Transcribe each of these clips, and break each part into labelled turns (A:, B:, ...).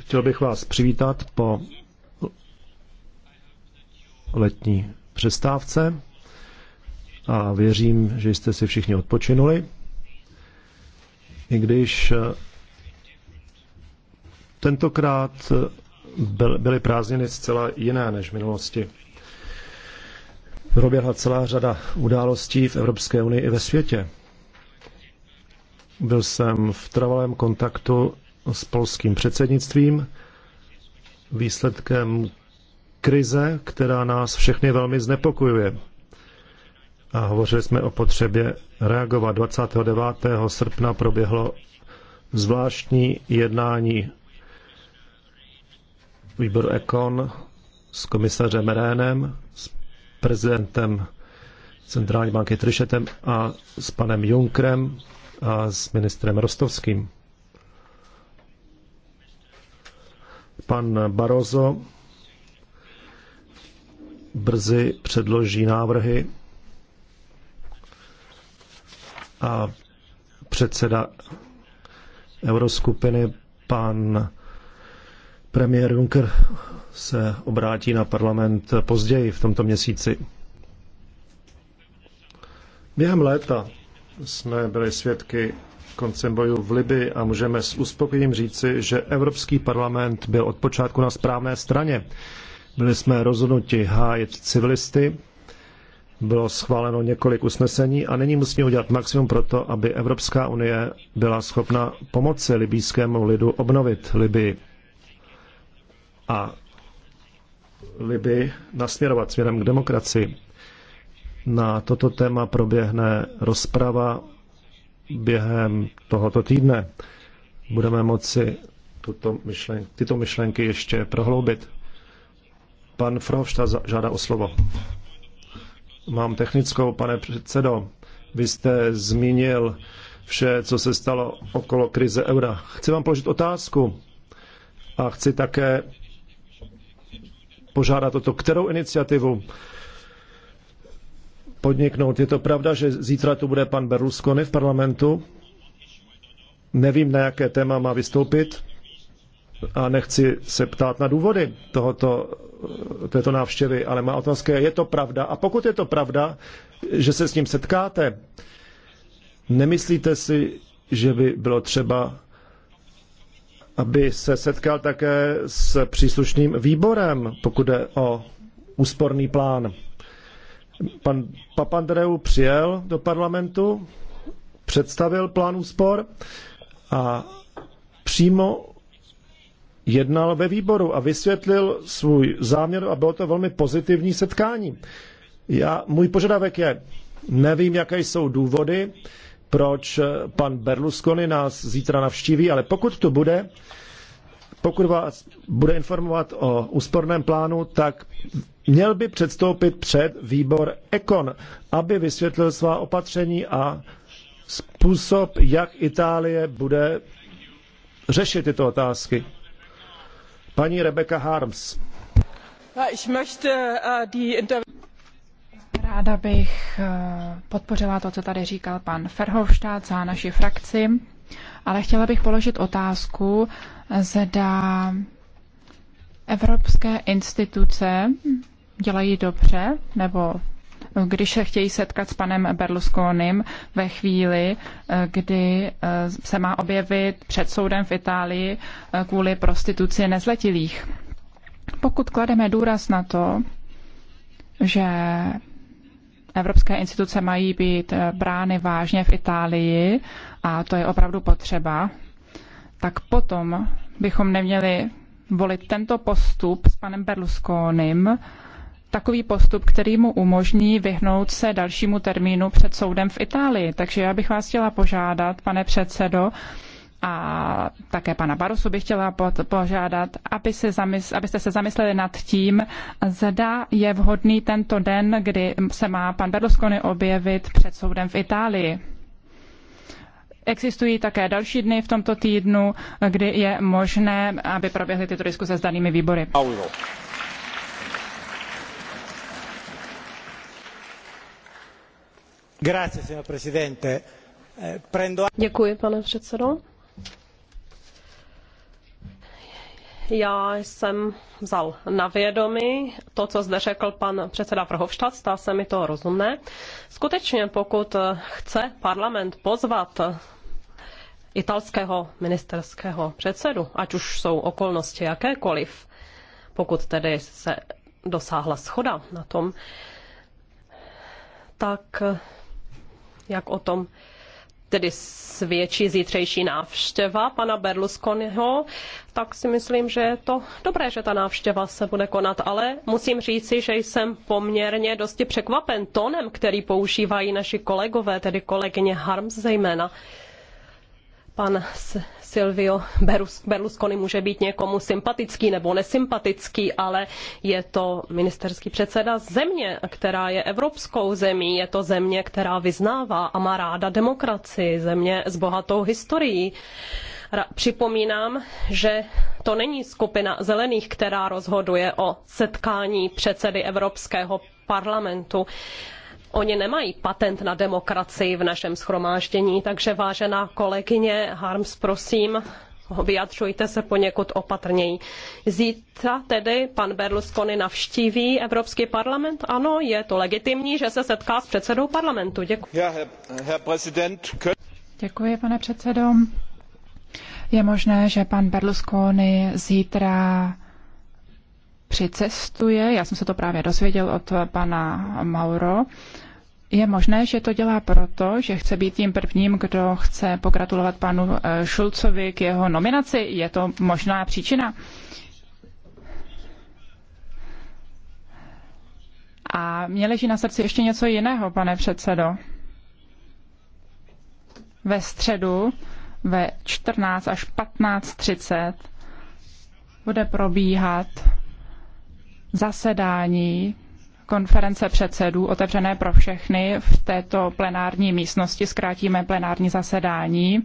A: Chtěl bych vás přivítat po letní přestávce a věřím, že jste si všichni odpočinuli. I když eh, tentokrát eh, byly prázdniny zcela jiné než v minulosti. Proběhla celá řada událostí v Evropské unii i ve světě. Byl jsem v trvalém kontaktu s polským předsednictvím, výsledkem krize, která nás všechny velmi znepokojuje. A hovořili jsme o potřebě reagovat. 29. srpna proběhlo zvláštní jednání výboru Ekon s komisařem Rénem, s prezidentem Centrální banky Trišetem a s panem Junkrem a s ministrem Rostovským. Pan Barozo brzy předloží návrhy a předseda euroskupiny pan premiér Juncker se obrátí na parlament později v tomto měsíci. Během léta jsme byli svědky koncem bojů v Libyi a můžeme s uspokojením říci, že Evropský parlament byl od počátku na správné straně. Byli jsme rozhodnuti hájit civilisty, bylo schváleno několik usnesení a nyní musíme udělat maximum pro to, aby Evropská unie byla schopna pomoci libýskému lidu obnovit Libii a Libii nasměrovat směrem k demokracii. Na toto téma proběhne rozprava během tohoto týdne. Budeme moci tuto myšlen- tyto myšlenky ještě prohloubit. Pan Frovšta žádá o slovo. Mám technickou, pane předsedo. Vy jste zmínil vše, co se stalo okolo krize eura. Chci vám položit otázku a chci také požádat o to, kterou iniciativu podniknout. Je to pravda, že zítra tu bude pan Berlusconi v parlamentu. Nevím, na jaké téma má vystoupit a nechci se ptát na důvody tohoto, této návštěvy, ale má otázka je, to pravda? A pokud je to pravda, že se s ním setkáte, nemyslíte si, že by bylo třeba, aby se setkal také s příslušným výborem, pokud je o úsporný plán? Pan Papandreou přijel do parlamentu, představil plán úspor a přímo jednal ve výboru a vysvětlil svůj záměr a bylo to velmi pozitivní setkání. Já, můj požadavek je, nevím, jaké jsou důvody, proč pan Berlusconi nás zítra navštíví, ale pokud to bude, pokud vás bude informovat o úsporném plánu, tak měl by předstoupit před výbor Ekon, aby vysvětlil svá opatření a způsob, jak Itálie bude řešit tyto otázky. Paní Rebecca Harms.
B: Äh, Ráda bych äh, podpořila to, co tady říkal pan Ferhovštát za naši frakci, ale chtěla bych položit otázku, zda evropské instituce dělají dobře, nebo když se chtějí setkat s panem Berlusconim ve chvíli, kdy eh, se má objevit před soudem v Itálii eh, kvůli prostituci nezletilých. Pokud klademe důraz na to, že evropské instituce mají být eh, brány vážně v Itálii a to je opravdu potřeba, tak potom bychom neměli volit tento postup s panem Berlusconim, takový postup, který mu umožní vyhnout se dalšímu termínu před soudem v Itálii. Takže já bych vás chtěla požádat, pane předsedo, a také pana Barosu bych chtěla požádat, aby se zamysl, abyste se zamysleli nad tím, zda je vhodný tento den, kdy se má pan Berlusconi objevit před soudem v Itálii. Existují také další dny v tomto týdnu, kdy je možné, aby proběhly tyto diskuse s danými výbory.
C: Eh, Děkuji, pane předsedo. Já jsem vzal na vědomí to, co zde řekl pan předseda Vrhovštát, stá se mi to rozumné. Skutečně, pokud chce parlament pozvat italského ministerského předsedu, ať už jsou okolnosti jakékoliv, pokud tedy se dosáhla schoda na tom, tak jak o tom tedy svědčí zítřejší návštěva pana Berlusconiho, tak si myslím, že je to dobré, že ta návštěva se bude konat, ale musím říci, že jsem poměrně dosti překvapen tónem, který používají naši kolegové, tedy kolegyně Harms zejména pan Silvio Berlusconi může být někomu sympatický nebo nesympatický, ale je to ministerský předseda země, která je evropskou zemí, je to země, která vyznává a má ráda demokracii, země s bohatou historií. Připomínám, že to není skupina zelených, která rozhoduje o setkání předsedy Evropského parlamentu. Oni nemají patent na demokracii v našem schromáždění, takže vážená kolegyně Harms, prosím, vyjadřujte se poněkud opatrněji. Zítra tedy pan Berlusconi navštíví Evropský parlament? Ano, je to legitimní, že se setká s předsedou parlamentu. Děkuji. Ja,
B: Děkuji, pane předsedo. Je možné, že pan Berlusconi zítra přicestuje. Já jsem se to právě dozvěděl od pana Mauro. Je možné, že to dělá proto, že chce být tím prvním, kdo chce pogratulovat panu eh, Šulcovi k jeho nominaci. Je to možná příčina? A mě leží na srdci ještě něco jiného, pane předsedo. Ve středu ve 14 až 15.30 bude probíhat zasedání konference předsedů otevřené pro všechny v této plenární místnosti. Zkrátíme plenární zasedání,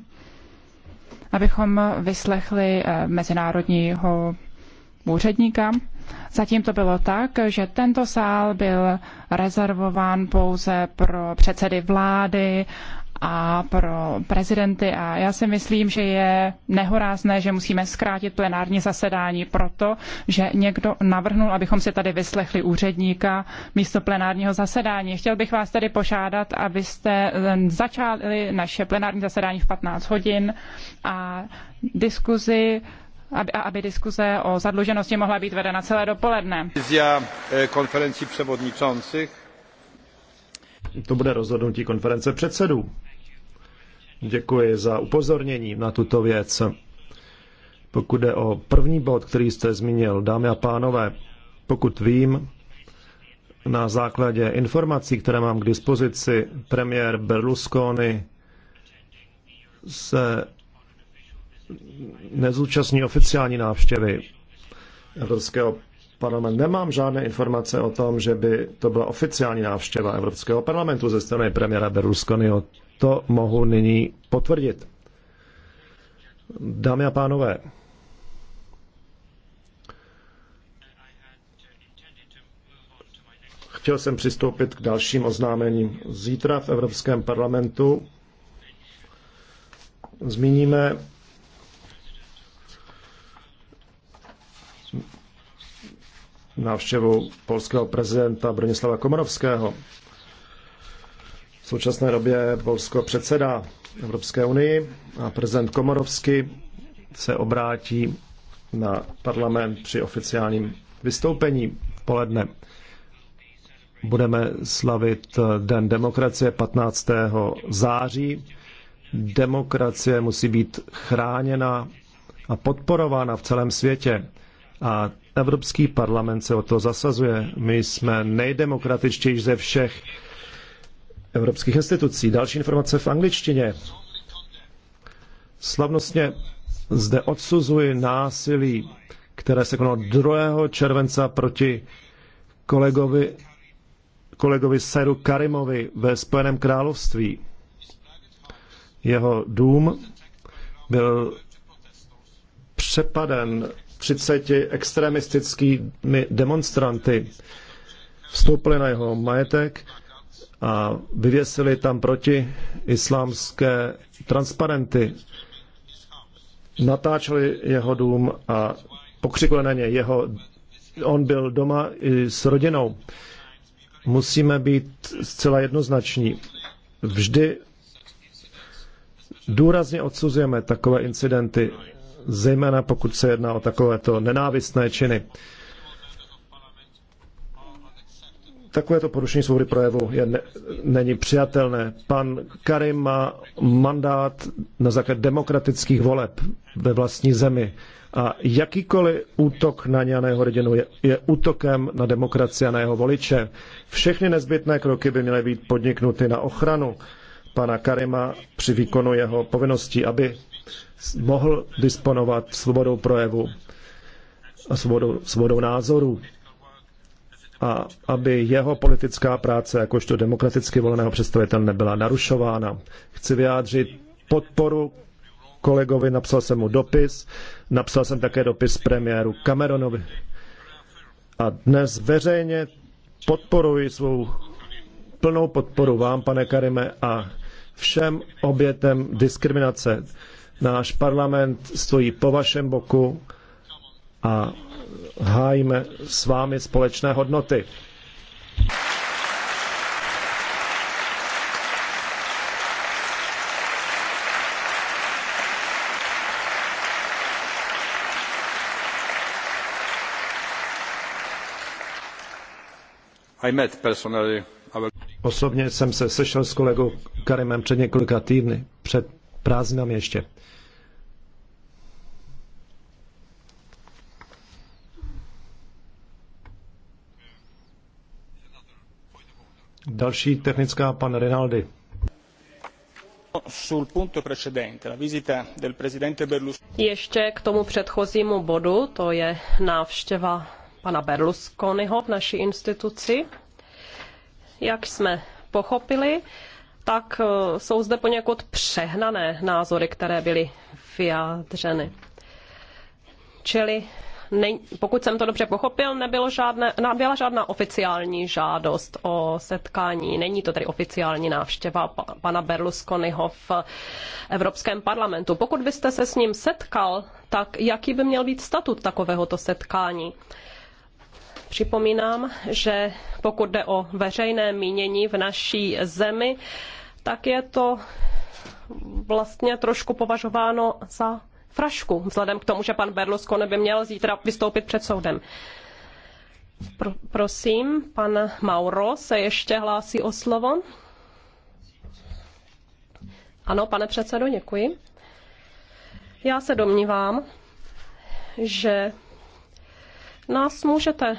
B: abychom vyslechli eh, mezinárodního úředníka. Zatím to bylo tak, že tento sál byl rezervován pouze pro předsedy vlády a pro prezidenty. A já si myslím, že je nehorázné, že musíme zkrátit plenární zasedání proto, že někdo navrhnul, abychom si tady vyslechli úředníka místo plenárního zasedání. Chtěl bych vás tedy požádat, abyste eh, začali naše plenární zasedání v 15 hodin a diskuzi aby, aby diskuze o zadluženosti mohla být vedena celé dopoledne. Eh, konferenci převodničoncích
A: to bude rozhodnutí konference předsedů. Děkuji za upozornění na tuto věc. Pokud jde o první bod, který jste zmínil, dámy a pánové, pokud vím, na základě informací, které mám k dispozici, premiér Berlusconi se nezúčastní oficiální návštěvy Evropského parlament. Nemám žádné informace o tom, že by to byla oficiální návštěva Evropského parlamentu ze strany premiéra Berlusconiho. To mohu nyní potvrdit. Dámy a pánové, chtěl jsem přistoupit k dalším oznámením. Zítra v Evropském parlamentu zmíníme návštěvu polského prezidenta Bronislava Komorovského. V současné době Polsko předsedá Evropské unii a prezident Komorovský se obrátí na parlament při oficiálním vystoupení poledne. Budeme slavit Den demokracie 15. září. Demokracie musí být chráněna a podporována v celém světě. A Evropský parlament se o to zasazuje. My jsme nejdemokratičtější ze všech evropských institucí. Další informace v angličtině. Slavnostně zde odsuzuji násilí, které se konalo 2. července proti kolegovi, kolegovi Seru Karimovi ve Spojeném království. Jeho dům byl přepaden 30 extremistickými demonstranty. Vstoupili na jeho majetek a vyvěsili tam proti islámské transparenty. Natáčeli jeho dům a pokřikli na ně. Jeho, on byl doma i s rodinou. Musíme být zcela jednoznační. Vždy důrazně odsuzujeme takové incidenty zejména pokud se jedná o takovéto nenávistné činy. Takovéto porušení svobody projevu je ne, není přijatelné. Pan Karim má mandát na základě demokratických voleb ve vlastní zemi. A jakýkoliv útok na něj jeho rodinu je, je útokem na demokracii a na jeho voliče. Všechny nezbytné kroky by měly být podniknuty na ochranu pana Karima při výkonu jeho povinností, aby mohl disponovat svobodou projevu a svobodou, svobodou názoru a aby jeho politická práce jakožto demokraticky voleného představitel nebyla narušována. Chci vyjádřit podporu kolegovi, napsal jsem mu dopis, napsal jsem také dopis premiéru Cameronovi. A dnes veřejně podporuji svou plnou podporu vám, pane Karime, a všem obětem diskriminace. Náš parlament stojí po vašem boku a hájíme s vámi společné hodnoty. Osobně jsem se sešel s kolegou Karimem před několika týdny, před prázdninám ještě. Další technická, pan Rinaldi.
C: Ještě k tomu předchozímu bodu, to je návštěva pana Berlusconiho v naší instituci. Jak jsme pochopili, tak eh, jsou zde poněkud přehnané názory, které byly vyjádřeny. Čili ne, pokud jsem to dobře pochopil, nebylo žádné, nebyla žádná oficiální žádost o setkání. Není to tedy oficiální návštěva pana Berlusconiho v Evropském parlamentu. Pokud byste se s ním setkal, tak jaký by měl být statut takovéhoto setkání? Uh, Připomínám, že pokud jde o veřejné mínění v naší zemi, tak je to vlastně trošku považováno za frašku, vzhledem k tomu, že pan Berlusconi by měl zítra vystoupit před soudem. Pro, prosím, pan Mauro se ještě hlásí o slovo. Ano, pane předsedo, děkuji. Já se domnívám, že nás můžete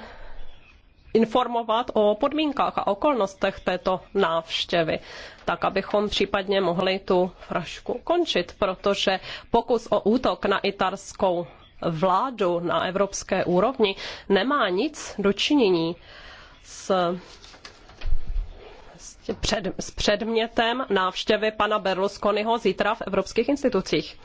C: informovat o podmínkách a okolnostech této návštěvy, tak abychom případně mohli tu frašku končit, protože pokus o útok na italskou vládu na evropské úrovni nemá nic dočinění s před, s předmětem návštěvy pana Berlusconiho zítra v evropských institucích.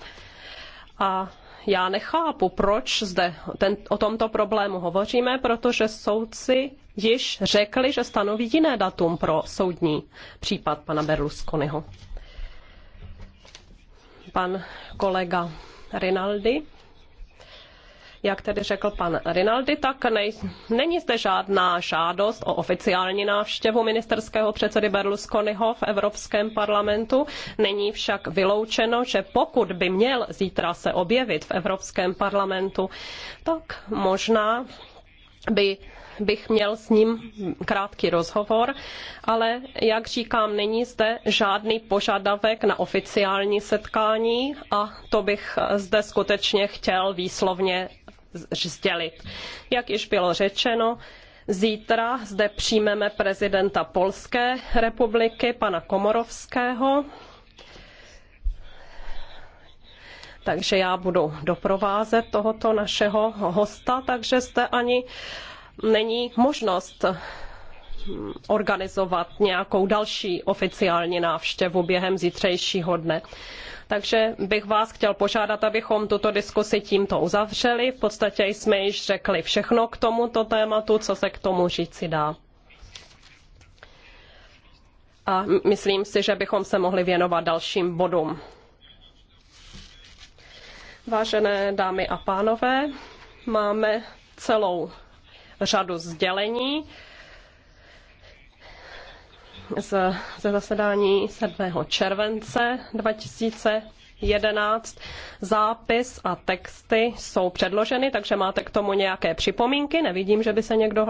C: A já nechápu, proč zde ten, o tomto problému hovoříme, protože soudci již řekli, že stanoví jiné datum pro soudní případ pana Berlusconiho. Pan kolega Rinaldi jak tedy řekl pan Rinaldi, tak nej, není zde žádná žádost o oficiální návštěvu ministerského předsedy Berlusconiho v Evropském parlamentu. Není však vyloučeno, že pokud by měl zítra se objevit v Evropském parlamentu, tak možná by bych měl s ním krátký rozhovor, ale jak říkám, není zde žádný požadavek na oficiální setkání a to bych zde skutečně chtěl výslovně sdělit. Jak již bylo řečeno, zítra zde přijmeme prezidenta Polské republiky, pana Komorovského. Takže já budu doprovázet tohoto našeho hosta, takže zde ani není možnost Hm, organizovat nějakou další oficiální návštěvu během zítřejšího dne. Takže bych vás chtěl požádat, abychom tuto diskusi tímto uzavřeli. V podstatě jsme již řekli všechno k tomuto tématu, co se k tomu říci dá. A myslím si, že bychom se mohli věnovat dalším bodům. Vážené dámy a pánové, máme celou řadu sdělení z, ze zasedání 7. července 2011. Zápis a texty jsou předloženy, takže máte k tomu nějaké připomínky. Nevidím, že by se někdo